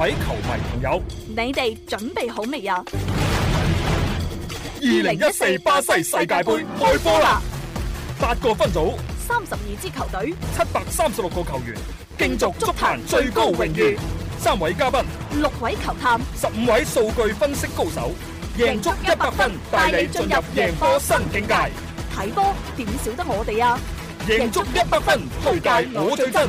各位球迷朋友，你哋準備好未啊？二零一四巴西世界杯開波啦！八個分組，三十二支球隊，七百三十六個球員，競逐足壇最高榮譽。三位嘉賓，六位球探，十五位數據分析高手，贏足一百分，帶你進入贏波新境界。睇波點少得我哋啊？贏足一百分推介我最真。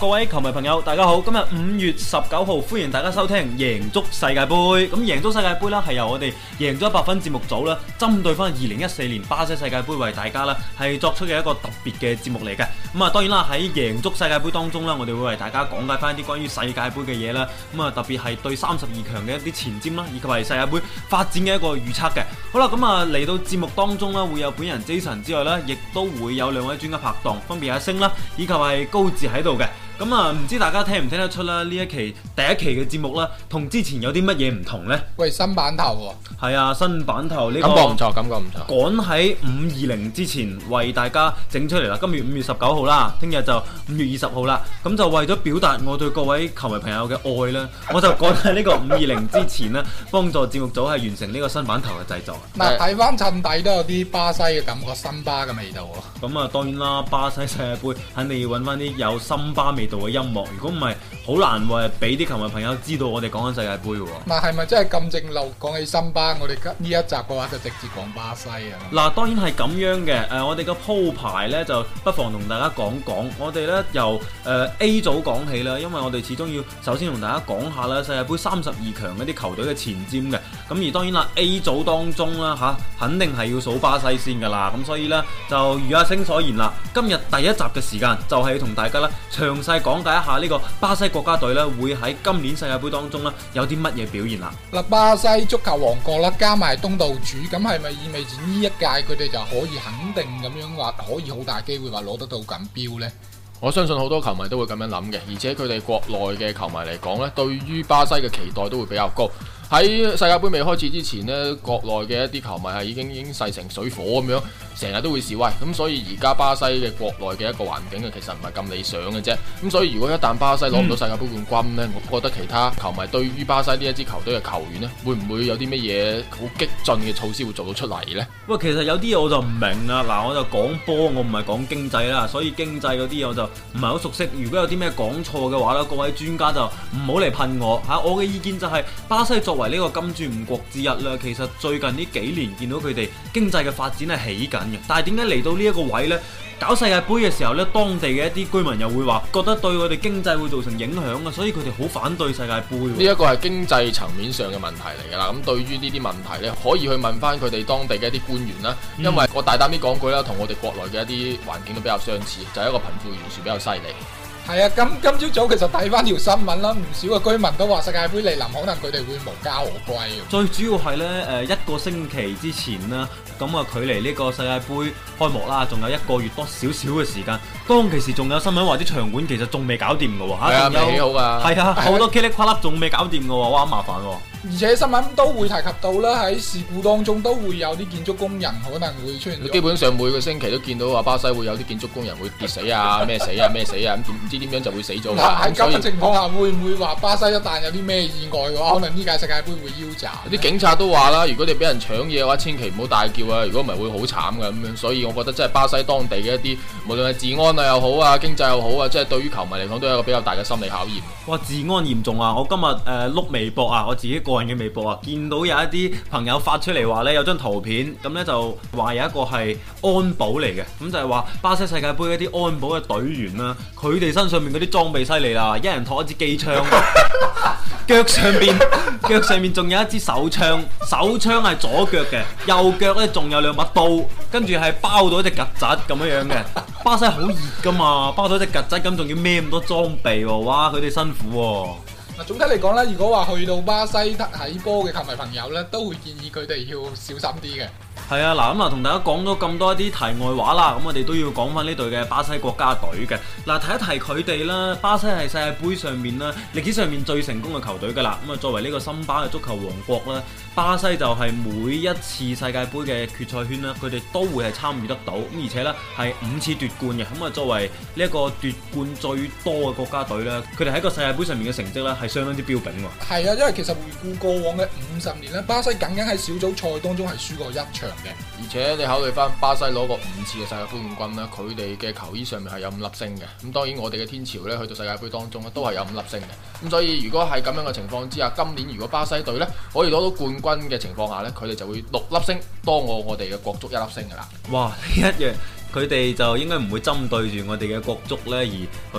各位球迷朋友，大家好！今日五月十九號，歡迎大家收聽《贏足世界杯》。咁《贏足世界杯》咧係由我哋贏足一百分節目組啦，針對翻二零一四年巴西世界杯為大家啦，係作出嘅一個特別嘅節目嚟嘅。咁啊，當然啦，喺《贏足世界杯》當中啦，我哋會為大家講解翻一啲關於世界杯嘅嘢啦。咁啊，特別係對三十二強嘅一啲前瞻啦，以及係世界杯發展嘅一個預測嘅。好啦，咁啊嚟到節目當中啦，會有本人 Jason 之外咧，亦都會有兩位專家拍檔，分別係阿星啦，以及係高志喺度嘅。咁啊，唔、嗯、知大家聽唔聽得出啦？呢一期第一期嘅節目啦，同之前有啲乜嘢唔同呢？喂，新版頭喎、哦。係啊，新版頭呢、呢個感覺唔錯，感覺唔錯。趕喺五二零之前為大家整出嚟啦，今月五月十九號啦，聽日就五月二十號啦。咁、嗯嗯、就為咗表達我對各位球迷朋友嘅愛啦， 我就趕喺呢個五二零之前呢， 幫助節目組係完成呢個新版頭嘅製作。嗱、嗯，睇翻襯底都有啲巴西嘅感覺，森巴嘅味道、哦。咁啊、嗯，當然啦，巴西世界杯肯定要揾翻啲有森巴味。度嘅音樂，如果唔係。好難喎、啊，俾啲球迷朋友知道我哋講緊世界盃喎、啊。嗱，係咪真係咁正路講起桑巴？我哋呢一集嘅話就直接講巴西啊。嗱、啊，當然係咁樣嘅。誒、呃，我哋嘅鋪排呢，就不妨同大家講講。我哋呢由誒、呃、A 組講起啦，因為我哋始終要首先同大家講下啦，世界盃三十二強嗰啲球隊嘅前瞻嘅。咁而當然啦，A 組當中啦嚇、啊，肯定係要數巴西先噶啦。咁所以呢，就如阿星所言啦，今日第一集嘅時間就係要同大家咧詳細講解一下呢個巴西。國家隊咧會喺今年世界盃當中咧有啲乜嘢表現啦？嗱，巴西足球王國啦，加埋東道主，咁係咪意味住呢一屆佢哋就可以肯定咁樣話，可以好大機會話攞得到錦標呢？我相信好多球迷都會咁樣諗嘅，而且佢哋國內嘅球迷嚟講咧，對於巴西嘅期待都會比較高。喺世界杯未開始之前呢，國內嘅一啲球迷係已經已經勢成水火咁樣，成日都會示威，咁所以而家巴西嘅國內嘅一個環境啊，其實唔係咁理想嘅啫。咁所以如果一旦巴西攞唔到世界杯冠軍呢，嗯、我覺得其他球迷對於巴西呢一支球隊嘅球員呢，會唔會有啲乜嘢好激進嘅措施會做到出嚟呢？喂，其實有啲嘢我就唔明啦。嗱，我就講波，我唔係講經濟啦，所以經濟嗰啲我就唔係好熟悉。如果有啲咩講錯嘅話咧，各位專家就唔好嚟噴我吓。我嘅意見就係巴西作為呢個金磚五國之一啦，其實最近呢幾年見到佢哋經濟嘅發展係起緊嘅，但係點解嚟到呢一個位呢？搞世界杯嘅時候呢，當地嘅一啲居民又會話覺得對我哋經濟會造成影響啊，所以佢哋好反對世界杯。呢一個係經濟層面上嘅問題嚟噶啦，咁對於呢啲問題呢，可以去問翻佢哋當地嘅一啲官員啦，因為我大膽啲講句啦，同我哋國內嘅一啲環境都比較相似，就係一個貧富懸殊比較犀利。係啊，今今朝早其實睇翻條新聞啦，唔少嘅居民都話世界杯嚟臨，可能佢哋會無家可歸。最主要係咧，誒，一個星期之前啦，咁啊，距離呢個世界杯開幕啦，仲有一個月多少少嘅時間。當其時仲有新聞話啲場館其實仲未搞掂噶喎，係啊，幾好噶，係啊，好多雞肋塊粒仲未搞掂噶喎，哇，好麻煩。而且新聞都會提及到啦，喺事故當中都會有啲建築工人可能會出現。基本上每個星期都見到話巴西會有啲建築工人會跌死啊、咩 死啊、咩 死啊，點唔、啊、知點樣就會死咗喺咁嘅情況下、啊、會唔會話巴西一旦有啲咩意外嘅話，啊、可能呢屆世界盃會，會腰斬、啊？啲警察都話啦，如果你俾人搶嘢嘅話，千祈唔好大叫啊！如果唔係會好慘嘅咁樣。所以我覺得真係巴西當地嘅一啲，無論係治安啊又好啊、經濟又好啊，即、就、係、是、對於球迷嚟講都係一個比較大嘅心理考驗。哇！治安嚴重啊！我今日誒碌微博啊，我自己人嘅微博啊，見到有一啲朋友發出嚟話呢有張圖片，咁呢，就話有一個係安保嚟嘅，咁就係話巴西世界盃嗰啲安保嘅隊員啦，佢哋身上面嗰啲裝備犀利啦，一人托一支機槍，腳上邊腳上面仲有一支手槍，手槍係左腳嘅，右腳呢仲有兩把刀，跟住係包到一隻曱甴咁樣樣嘅。巴西好熱噶嘛，包到一隻曱甴咁，仲要孭咁多裝備喎，哇，佢哋辛苦喎。嗱，總體嚟講咧，如果話去到巴西睇波嘅球迷朋友咧，都會建議佢哋要小心啲嘅。係啊，嗱咁啊，同大家講咗咁多一啲題外話啦，咁、嗯、我哋都要講翻呢隊嘅巴西國家隊嘅。嗱、嗯，提一提佢哋啦，巴西係世界杯上面咧，歷史上面最成功嘅球隊噶啦。咁、嗯、啊，作為呢個森巴嘅足球王國啦，巴西就係每一次世界杯嘅決賽圈啦，佢哋都會係參與得到。咁而且呢，係五次奪冠嘅，咁、嗯、啊作為呢一個奪冠最多嘅國家隊咧，佢哋喺個世界杯上面嘅成績呢，係相當之標本。係啊，因為其實回顧過往嘅五十年呢，巴西僅僅喺小組賽當中係輸過一場。而且你考慮翻巴西攞過五次嘅世界杯冠軍咧，佢哋嘅球衣上面係有五粒星嘅。咁當然我哋嘅天朝呢，去到世界杯當中咧都係有五粒星嘅。咁所以如果係咁樣嘅情況之下，今年如果巴西隊呢可以攞到冠軍嘅情況下呢，佢哋就會六粒星，多過我哋嘅國足一粒星噶啦。哇，一樣佢哋就應該唔會針對住我哋嘅國足呢而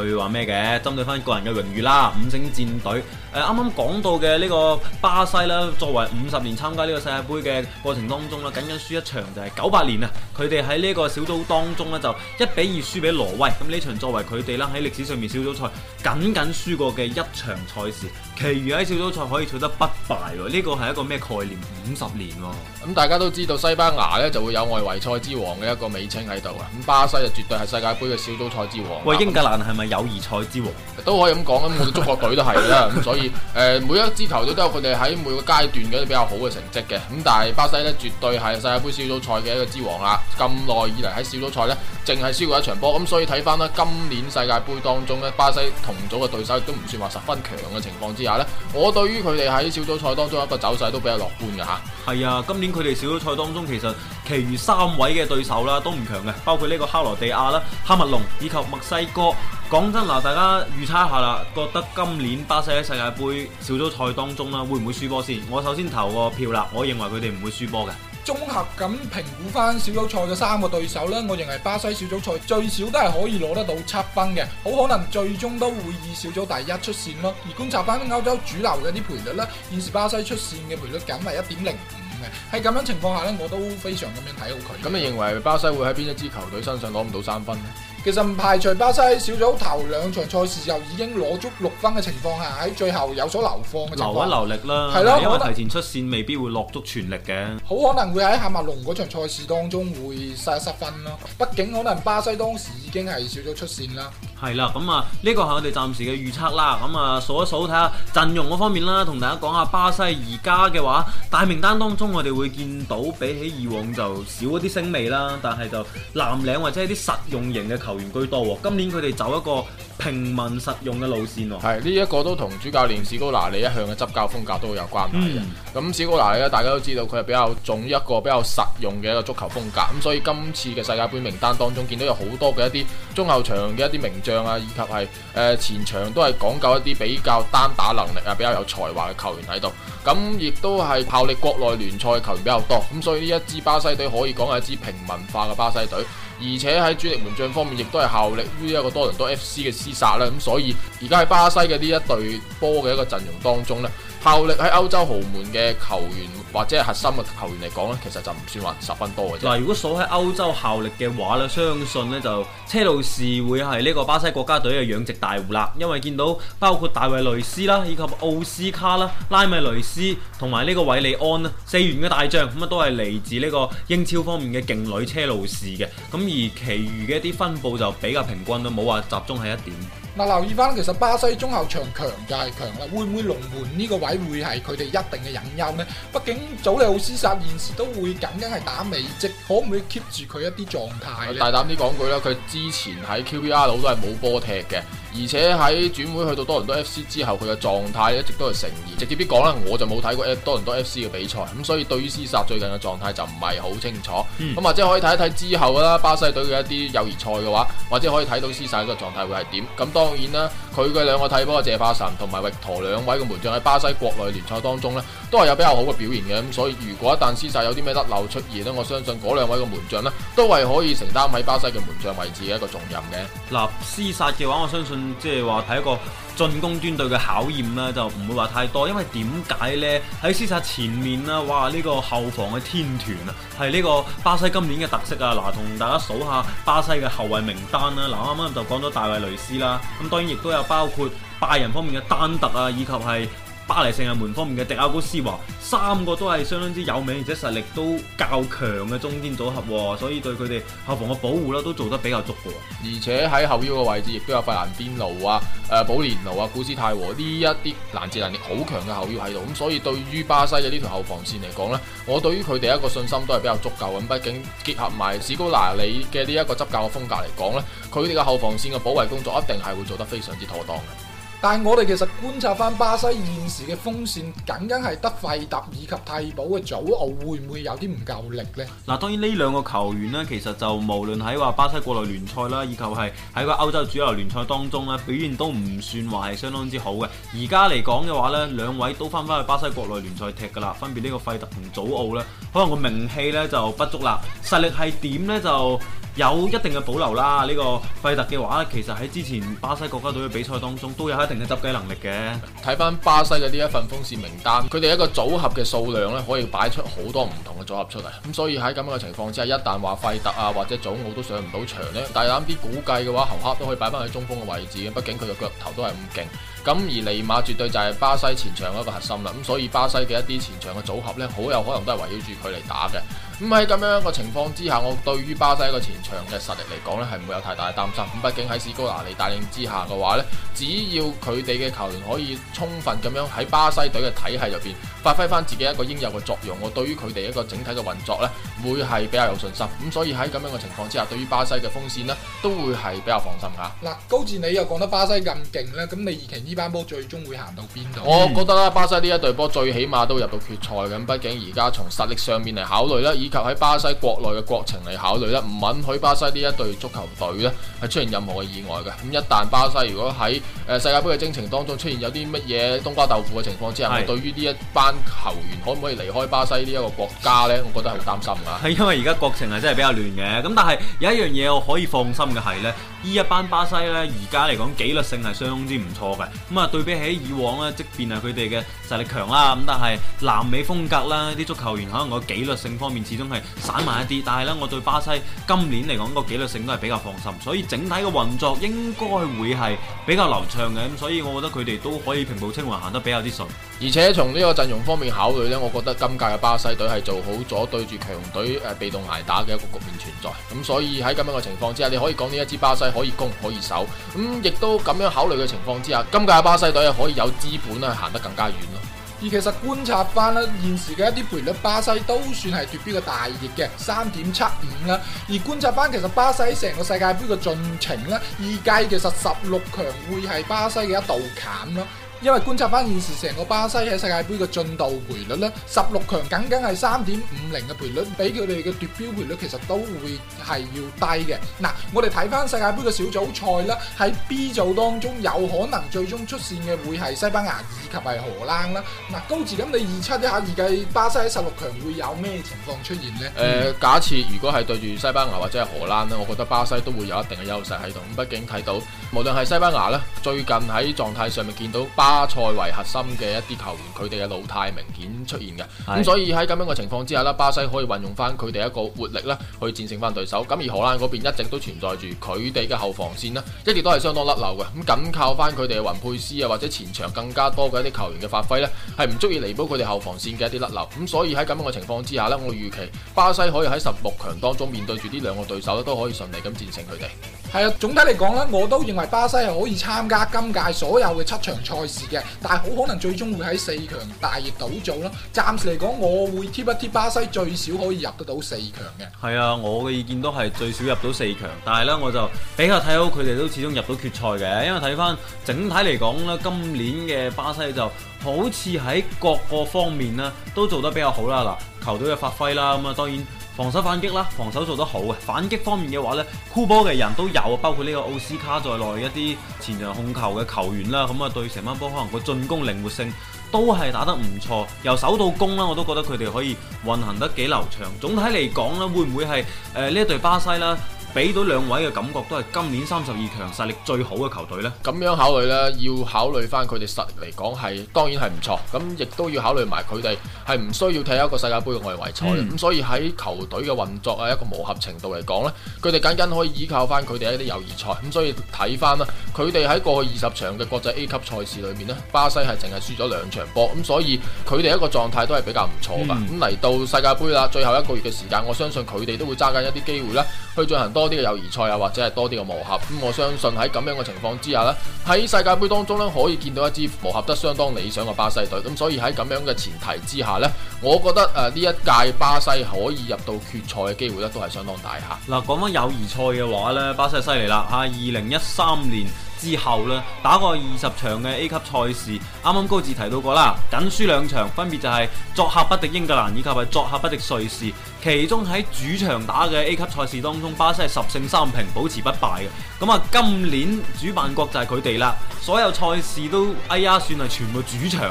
去話咩嘅？針對翻個人嘅榮譽啦，五星戰隊。誒，啱啱講到嘅呢個巴西啦，作為五十年參加呢個世界杯嘅過程當中啦，僅僅輸一場就係九八年啊！佢哋喺呢個小組當中咧就一比二輸俾挪威，咁呢場作為佢哋啦喺歷史上面小組賽僅僅輸過嘅一場賽事，其餘喺小組賽可以取得不敗喎！呢個係一個咩概念？五十年喎！咁大家都知道西班牙咧就會有外圍賽之王嘅一個美稱喺度啊！咁巴西就絕對係世界盃嘅小組賽之王。喂，英格蘭係咪友誼賽之王？都可以咁講，咁我哋中國隊都係啦，咁 所以。誒，每一支球隊都有佢哋喺每個階段嘅一啲比較好嘅成績嘅，咁但係巴西咧，絕對係世界杯小組賽嘅一個之王啦，咁耐以嚟喺小組賽咧淨係輸過一場波，咁所以睇翻咧今年世界杯當中咧，巴西同組嘅對手都唔算話十分強嘅情況之下咧，我對於佢哋喺小組賽當中一個走勢都比較樂觀嘅吓。係啊，今年佢哋小組賽當中其實。其餘三位嘅對手啦，都唔強嘅，包括呢個克羅地亞啦、哈密龍以及墨西哥。講真嗱，大家預測一下啦，覺得今年巴西喺世界杯小組賽當中啦，會唔會輸波先？我首先投個票啦，我認為佢哋唔會輸波嘅。綜合咁評估翻小組賽嘅三個對手呢，我認為巴西小組賽最少都係可以攞得到七分嘅，好可能最終都會以小組第一出線咯。而觀察翻歐洲主流嘅啲賠率呢，現時巴西出線嘅賠率僅係一點零。喺咁樣情況下咧，我都非常咁樣睇好佢。咁你認為巴西會喺邊一支球隊身上攞唔到三分咧？其實唔排除巴西喺小組頭兩場賽事又已經攞足六分嘅情況下，喺最後有所流放嘅情況。留一留力啦，係咯，因為提前出線未必會落足全力嘅。好可能會喺喀麥隆嗰場賽事當中會失一失分咯。畢竟可能巴西當時已經係小組出線啦。係啦，咁啊呢個係我哋暫時嘅預測啦。咁、嗯、啊數一數睇下陣容嗰方面啦，同大家講下巴西而家嘅話，大名單當中我哋會見到比起以往就少一啲星味啦，但係就藍領或者係啲實用型嘅球員居多，哦。今年佢哋走一個平民實用嘅路線，哦。係呢一個都同主教練史高拿利一向嘅執教風格都有關係嘅。咁、嗯、史高拿利大家都知道佢係比較重一個比較實用嘅一個足球風格。咁所以今次嘅世界杯名單當中見到有好多嘅一啲中後場嘅一啲名將啊，以及係誒、呃、前場都係講究一啲比較單打能力啊，比較有才華嘅球員喺度，咁亦都係效力國內聯賽嘅球員比較多，咁所以呢一支巴西隊可以講係一支平民化嘅巴西隊，而且喺主力門將方面亦都係效力於一個多倫多 FC 嘅廝殺啦，咁所以而家喺巴西嘅呢一隊波嘅一個陣容當中呢，效力喺歐洲豪門嘅球員或者係核心嘅球員嚟講呢，其實就唔算話十分多嘅啫。嗱，如果數喺歐洲效力嘅話呢，相信呢就車路士會係呢個巴西國家隊嘅養殖大戶啦，因為見到包括大衛雷斯啦，以及奧斯卡啦、拉米雷斯同埋呢個韋利安啦，四員嘅大將咁啊，都係嚟自呢個英超方面嘅勁旅車路士嘅。咁而其餘嘅一啲分佈就比較平均咯，冇話集中喺一點。嗱，留意翻，其實巴西中後場強就係強啦，會唔會龍門呢個位會係佢哋一定嘅隱憂呢？畢竟祖利奧斯殺，現時都會僅僅係打美職，可唔可以 keep 住佢一啲狀態咧？我大膽啲講句啦，佢之前喺 Q B R 都係冇波踢嘅。而且喺轉會去到多倫多 FC 之後，佢嘅狀態一直都係成疑。直接啲講啦，我就冇睇過多倫多 FC 嘅比賽，咁所以對於施薩最近嘅狀態就唔係好清楚。咁、嗯、或者可以睇一睇之後啦，巴西隊嘅一啲友誼賽嘅話，或者可以睇到施薩嘅狀態會係點。咁當然啦，佢嘅兩個睇波嘅謝巴神同埋域陀兩位嘅門將喺巴西國內聯賽當中呢，都係有比較好嘅表現嘅。咁所以如果一旦施薩有啲咩甩漏出現呢，我相信嗰兩位嘅門將呢，都係可以承擔喺巴西嘅門將位置嘅一個重任嘅。嗱，施薩嘅話，我相信。即係話睇一個進攻端對嘅考驗呢，就唔會話太多，因為點解呢？喺廝殺前面呢，哇！呢、這個後防嘅天團啊，係呢個巴西今年嘅特色啊！嗱，同大家數下巴西嘅後衛名單啦！嗱、啊，啱啱就講咗大衛雷斯啦，咁、啊、當然亦都有包括拜仁方面嘅丹特啊，以及係。巴黎聖日門方面嘅迪亞古斯華，三個都係相當之有名，而且實力都較強嘅中堅組合喎，所以對佢哋後防嘅保護咧都做得比較足嘅。而且喺後腰嘅位置，亦都有費蘭邊路啊、誒、呃、保連奴啊、古斯泰和呢一啲攔截能力好強嘅後腰喺度，咁所以對於巴西嘅呢條後防線嚟講呢，我對於佢哋一個信心都係比較足夠咁。畢竟結合埋史高拿里嘅呢一個執教嘅風格嚟講呢，佢哋嘅後防線嘅保衞工作一定係會做得非常之妥當嘅。但係我哋其實觀察翻巴西現時嘅鋒線，僅僅係得費特以及替補嘅祖奧，會唔會有啲唔夠力呢？嗱，當然呢兩個球員呢，其實就無論喺話巴西國內聯賽啦，以及係喺個歐洲主流聯賽當中呢，表現都唔算話係相當之好嘅。而家嚟講嘅話呢，兩位都翻翻去巴西國內聯賽踢噶啦，分別呢個費特同祖奧呢，可能個名氣呢就不足啦，實力係點呢？就？有一定嘅保留啦，呢個費特嘅話，其實喺之前巴西國家隊嘅比賽當中都有一定嘅執雞能力嘅。睇翻巴西嘅呢一份鋒線名單，佢哋一個組合嘅數量咧，可以擺出好多唔同嘅組合出嚟。咁所以喺咁樣嘅情況之下，一旦話費特啊或者祖奧都上唔到場咧，大膽啲估計嘅話，侯克都可以擺翻喺中鋒嘅位置嘅。畢竟佢嘅腳頭都係咁勁。咁而尼瑪絕對就係巴西前場一個核心啦。咁所以巴西嘅一啲前場嘅組合咧，好有可能都係圍繞住佢嚟打嘅。咁喺咁樣一個情況之下，我對於巴西一個前場嘅實力嚟講咧，係唔會有太大嘅擔心。咁畢竟喺史高拿利帶領之下嘅話咧，只要佢哋嘅球員可以充分咁樣喺巴西隊嘅體系入邊發揮翻自己一個應有嘅作用，我對於佢哋一個整體嘅運作咧，會係比較有信心。咁所以喺咁樣嘅情況之下，對於巴西嘅鋒線咧，都會係比較放心噶。嗱，高志你又講得巴西咁勁咧，咁你預期呢班波最終會行到邊度？嗯、我覺得啦，巴西呢一隊波最起碼都入到決賽。咁畢竟而家從實力上面嚟考慮啦。以及喺巴西國內嘅國情嚟考慮咧，唔允許巴西呢一隊足球隊咧係出現任何嘅意外嘅。咁一旦巴西如果喺誒、呃、世界盃嘅征程當中出現有啲乜嘢冬瓜豆腐嘅情況之下，是是是對於呢一班球員可唔可以離開巴西呢一個國家咧，我覺得好擔心噶。係因為而家國情係真係比較亂嘅。咁但係有一樣嘢我可以放心嘅係咧。呢一班巴西咧，而家嚟講紀律性係相當之唔錯嘅。咁啊，對比起以往咧，即便係佢哋嘅實力強啦，咁但係南美風格啦，啲足球員可能個紀律性方面始終係散漫一啲。 但係咧，我對巴西今年嚟講個紀律性都係比較放心，所以整體嘅運作應該會係比較流暢嘅。咁所以我覺得佢哋都可以平步青雲，行得比較啲順。而且從呢個陣容方面考慮咧，我覺得今屆嘅巴西隊係做好咗對住強隊誒被動挨打嘅一個局面存在。咁所以喺咁樣嘅情況之下，你可以講呢一支巴西，可以攻可以守，咁、嗯、亦都咁樣考慮嘅情況之下，今屆巴西隊可以有資本啦，行得更加遠咯。而其實觀察翻咧，現時嘅一啲賠率，巴西都算係奪標嘅大熱嘅，三點七五啦。而觀察翻其實巴西成個世界盃嘅進程咧，依屆其實十六強會係巴西嘅一道坎咯。因為觀察翻現時成個巴西喺世界杯嘅進度賠率呢，十六強僅僅係三點五零嘅賠率，比佢哋嘅奪標賠率其實都會係要低嘅。嗱、啊，我哋睇翻世界杯嘅小組賽啦，喺 B 組當中有可能最終出線嘅會係西班牙以及係荷蘭啦。嗱、啊，高志欽，你預測一下，預計巴西喺十六強會有咩情況出現呢？誒、呃，假設如果係對住西班牙或者係荷蘭呢，我覺得巴西都會有一定嘅優勢喺度。咁畢竟睇到無論係西班牙啦，最近喺狀態上面見到巴塞為核心嘅一啲球員，佢哋嘅老態明顯出現嘅，咁的、嗯、所以喺咁樣嘅情況之下咧，巴西可以運用翻佢哋一個活力咧，去戰勝翻對手。咁而荷蘭嗰邊一直都存在住佢哋嘅後防線咧，一直都係相當甩漏嘅。咁、嗯、僅靠翻佢哋嘅雲佩斯啊，或者前場更加多嘅一啲球員嘅發揮咧，係唔足以彌補佢哋後防線嘅一啲甩漏。咁、嗯、所以喺咁樣嘅情況之下咧，我預期巴西可以喺十六強當中面對住呢兩個對手咧，都可以順利咁戰勝佢哋。係啊，總體嚟講咧，我都認為巴西係可以參加今屆所有嘅七場賽事。但係好可能最終會喺四強大熱倒灶啦。暫時嚟講，我會貼一貼巴西，最少可以入得到四強嘅。係啊，我嘅意見都係最少入到四強，但係呢，我就比較睇好佢哋都始終入到決賽嘅，因為睇返整體嚟講呢，今年嘅巴西就好似喺各個方面呢都做得比較好啦。嗱，球隊嘅發揮啦，咁啊當然。防守反擊啦，防守做得好嘅。反擊方面嘅話，呢控波嘅人都有，包括呢個奧斯卡在內一啲前場控球嘅球員啦。咁啊，對成班波可能個進攻靈活性都係打得唔錯，由守到攻啦，我都覺得佢哋可以運行得幾流暢。總體嚟講啦，會唔會係誒呢一隊巴西啦？俾到兩位嘅感覺都係今年三十二強實力最好嘅球隊呢，咁樣考慮呢，要考慮翻佢哋實力嚟講係當然係唔錯，咁亦都要考慮埋佢哋係唔需要踢一個世界盃嘅外圍賽，咁、嗯、所以喺球隊嘅運作啊，一個磨合程度嚟講呢，佢哋僅僅可以依靠翻佢哋一啲友誼賽，咁所以睇翻啦，佢哋喺過去二十場嘅國際 A 級賽事裏面咧，巴西係淨係輸咗兩場波，咁所以佢哋一個狀態都係比較唔錯嘅，咁嚟、嗯、到世界盃啦，最後一個月嘅時間，我相信佢哋都會揸緊一啲機會啦，去進行多。多啲嘅友誼賽啊，或者係多啲嘅磨合，咁、嗯、我相信喺咁樣嘅情況之下呢，喺世界杯當中呢可以見到一支磨合得相當理想嘅巴西隊，咁所以喺咁樣嘅前提之下呢，我覺得誒呢、呃、一屆巴西可以入到決賽嘅機會咧都係相當大吓。嗱，講翻友誼賽嘅話呢，巴西犀利啦吓，二零一三年。之後呢，打過二十場嘅 A 級賽事，啱啱高志提到過啦，僅輸兩場，分別就係作客不敵英格蘭以及係作客不敵瑞士。其中喺主場打嘅 A 級賽事當中，巴西係十勝三平，保持不敗嘅。咁啊，今年主辦國就係佢哋啦，所有賽事都哎呀，算係全部主場。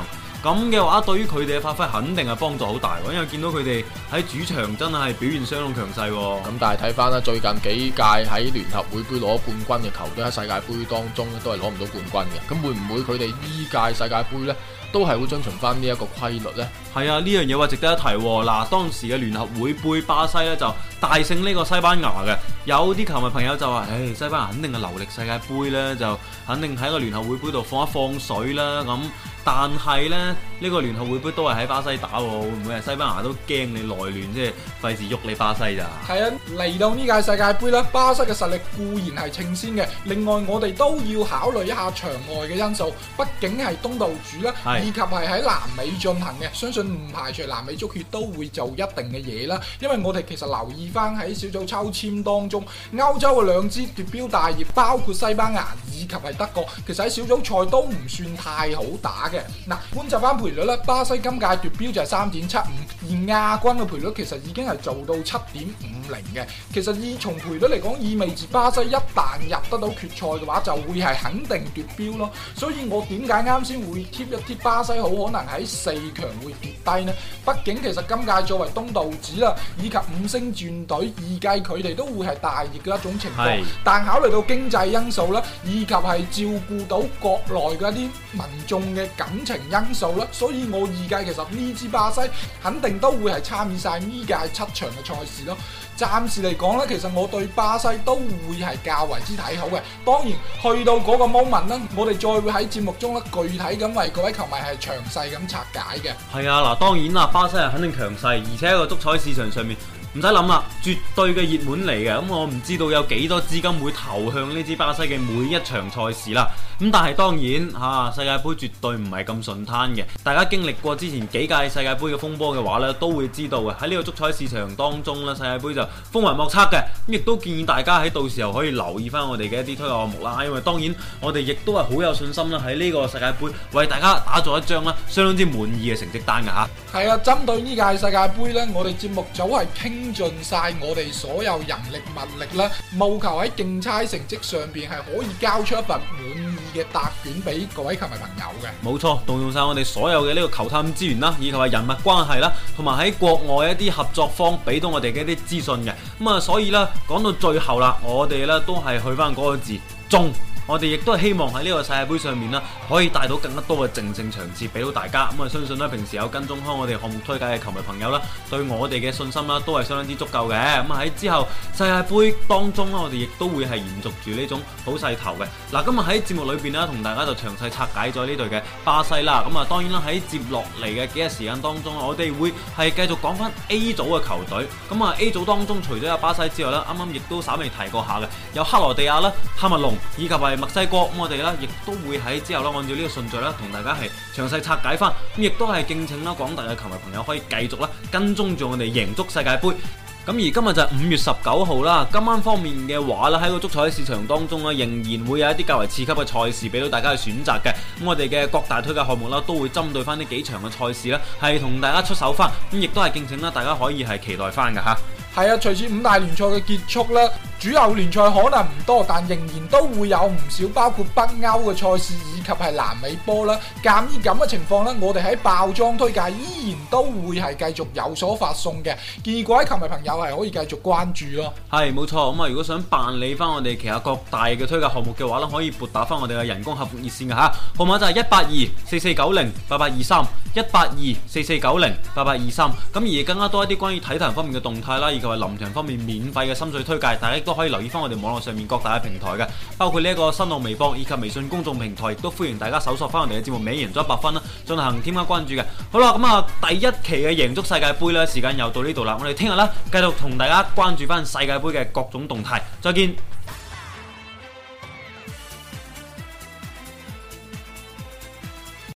咁嘅話，對於佢哋嘅發揮肯定係幫助好大喎，因為見到佢哋喺主場真係表現相當強勢。咁但係睇翻啦，最近幾屆喺聯合會杯攞冠軍嘅球隊喺世界盃當中都係攞唔到冠軍嘅，咁會唔會佢哋呢屆世界盃呢都係會遵循翻呢一個規律呢？係啊，呢樣嘢話值得一提。嗱、啊，當時嘅聯合會杯巴西呢就大勝呢個西班牙嘅。有啲球迷朋友就話誒、哎、西班牙肯定係流力世界杯啦，就肯定喺個聯合會杯度放一放水啦。咁，但係咧，呢、呢個聯合會杯都係喺巴西打，會唔會係西班牙都驚你內亂，即係費事喐你巴西咋？係啊，嚟到呢屆世界杯啦，巴西嘅實力固然係稱先嘅，另外我哋都要考慮一下場外嘅因素，畢竟係東道主啦，以及係喺南美進行嘅，是相信唔排除南美足協都會做一定嘅嘢啦。因為我哋其實留意翻喺小組抽簽當中。歐洲嘅兩支奪標大熱，包括西班牙以及係德國，其實喺小組賽都唔算太好打嘅。嗱，觀察返賠率咧，巴西今屆奪標就係三點七五，而亞軍嘅賠率其實已經係做到七點五。零嘅，其實以從賠率嚟講，意味住巴西一旦入得到決賽嘅話，就會係肯定奪標咯。所以我點解啱先會貼一貼巴西好可能喺四強會跌低呢？畢竟其實今屆作為東道主啦，以及五星戰隊二屆佢哋都會係大熱嘅一種情況。是但考慮到經濟因素啦，以及係照顧到國內嘅一啲民眾嘅感情因素啦，所以我二屆其實呢支巴西肯定都會係參與晒呢屆七場嘅賽事咯。暫時嚟講咧，其實我對巴西都會係較為之睇好嘅。當然，去到嗰個 moment 咧，我哋再會喺節目中咧具體咁為各位球迷係詳細咁拆解嘅。係啊，嗱，當然啦，巴西係肯定強勢，而且喺個足彩市場上面唔使諗啦，絕對嘅熱門嚟嘅。咁我唔知道有幾多資金會投向呢支巴西嘅每一場賽事啦。咁但係當然吓、啊、世界盃絕對唔係咁順攤嘅，大家經歷過之前幾屆世界盃嘅風波嘅話咧，都會知道嘅，喺呢個足彩市場當中咧，世界盃就風雲莫測嘅。咁亦都建議大家喺到時候可以留意翻我哋嘅一啲推介項目啦，因為當然我哋亦都係好有信心啦，喺呢個世界盃為大家打造一張啦相當之滿意嘅成績單嘅吓。係啊，針對呢屆世界盃咧，我哋節目組係傾盡晒我哋所有人力物力啦，務求喺競猜成績上邊，係可以交出一份滿意嘅答卷俾各位球迷朋友嘅，冇錯，動用晒我哋所有嘅呢個球探資源啦，以及係人脈關係啦，同埋喺國外一啲合作方俾到我哋嘅一啲資訊嘅，咁、嗯、啊，所以啦，講到最後啦，我哋咧都係去翻嗰個字中。我哋亦都希望喺呢個世界盃上面呢，可以帶到更加多嘅正勝場次俾到大家。咁啊，相信呢，平時有跟蹤開我哋項目推介嘅球迷朋友啦，對我哋嘅信心啦都係相當之足夠嘅。咁喺之後世界盃當中呢，我哋亦都會係延續住呢種好勢頭嘅。嗱，今日喺節目裏邊呢，同大家就詳細拆解咗呢隊嘅巴西啦。咁啊，當然啦，喺接落嚟嘅幾日時間當中，我哋會係繼續講翻 A 組嘅球隊。咁啊，A 組當中除咗阿巴西之外呢，啱啱亦都稍微提過下嘅，有克羅地亞啦、喀麥隆以及係，墨西哥，咁我哋啦，亦都會喺之後啦，按照呢個順序啦，同大家係詳細拆解翻。咁亦都係敬請啦，廣大嘅球迷朋友可以繼續啦，跟蹤住我哋贏足世界盃。咁而今日就係五月十九號啦。今晚方面嘅話啦，喺個足彩市場當中呢，仍然會有一啲較為刺激嘅賽事俾到大家去選擇嘅。咁我哋嘅各大推介項目啦，都會針對翻呢幾場嘅賽事啦，係同大家出手翻。咁亦都係敬請啦，大家可以係期待翻嘅吓。係啊，隨住五大聯賽嘅結束啦，主流聯賽可能唔多，但仍然都會有唔少，包括北歐嘅賽事以及係南美波啦。鑒於咁嘅情況呢，我哋喺爆莊推介依然都會係繼續有所發送嘅，建議各位球迷朋友係可以繼續關注咯。係，冇錯。咁啊，如果想辦理翻我哋旗下各大嘅推介項目嘅話呢，可以撥打翻我哋嘅人工客服熱線嘅吓，號碼就係一八二四四九零八八二三。一八二四四九零八八二三，咁而更加多一啲關於體壇方面嘅動態啦，以及係臨場方面免費嘅心水推介，大家亦都可以留意翻我哋網絡上面各大嘅平台嘅，包括呢一個新浪微博以及微信公眾平台，都歡迎大家搜索翻我哋嘅節目《美贏咗一百分》啦，進行添加關注嘅。好啦，咁啊第一期嘅贏足世界杯呢，時間又到呢度啦，我哋聽日呢，繼續同大家關注翻世界杯嘅各種動態，再見。